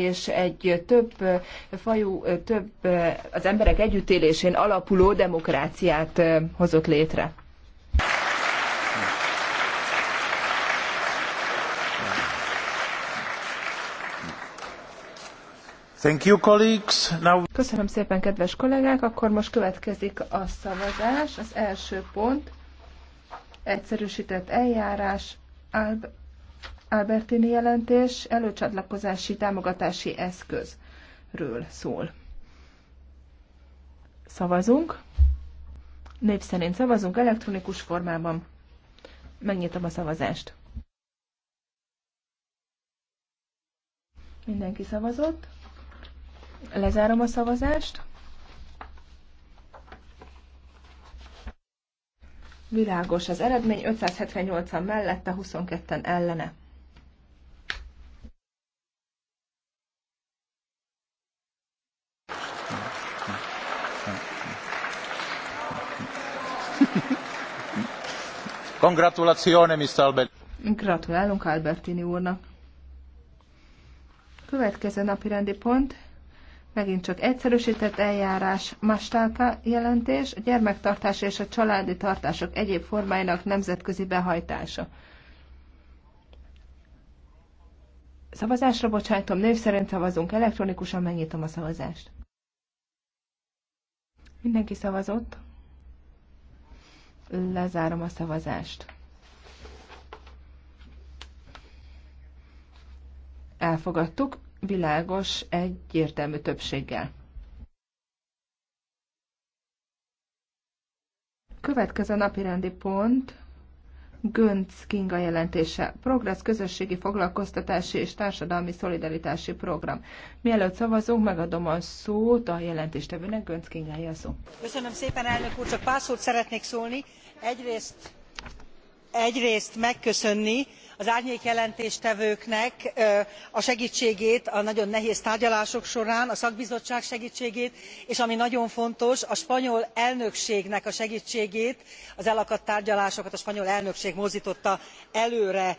és egy több fajú, több az emberek együttélésén alapuló demokráciát hozott létre. Thank you, colleagues. Now... Köszönöm szépen, kedves kollégák! Akkor most következik a szavazás. Az első pont, egyszerűsített eljárás, Alb Albertini jelentés előcsatlakozási támogatási eszközről szól. Szavazunk. Név szerint szavazunk elektronikus formában. Megnyitom a szavazást. Mindenki szavazott. Lezárom a szavazást. Világos az eredmény, 578-an mellette, 22-en ellene. Gratulálunk Albertini úrnak. Következő napi rendi pont, megint csak egyszerűsített eljárás, Mastálka jelentés, a gyermektartás és a családi tartások egyéb formáinak nemzetközi behajtása. Szavazásra bocsájtom, név szerint szavazunk elektronikusan, megnyitom a szavazást. Mindenki szavazott. Lezárom a szavazást. Elfogadtuk, világos, egyértelmű többséggel. Következő napi rendi pont Gönc Kinga jelentése. Progress közösségi foglalkoztatási és társadalmi szolidaritási program. Mielőtt szavazunk, megadom a szót a jelentéstevőnek, Gönc Kingája szó. Köszönöm szépen, elnök úr, csak pár szót szeretnék szólni. Egyrészt egyrészt megköszönni az jelentéstevőknek a segtségét a nagyon nehéz tárgyalások során a szakbizottság segtségét és ami nagyon fontos a spanyol elnökségnek a segtségét az elakadt tárgyalásokat a spanyol elnökség mozdtotta előre.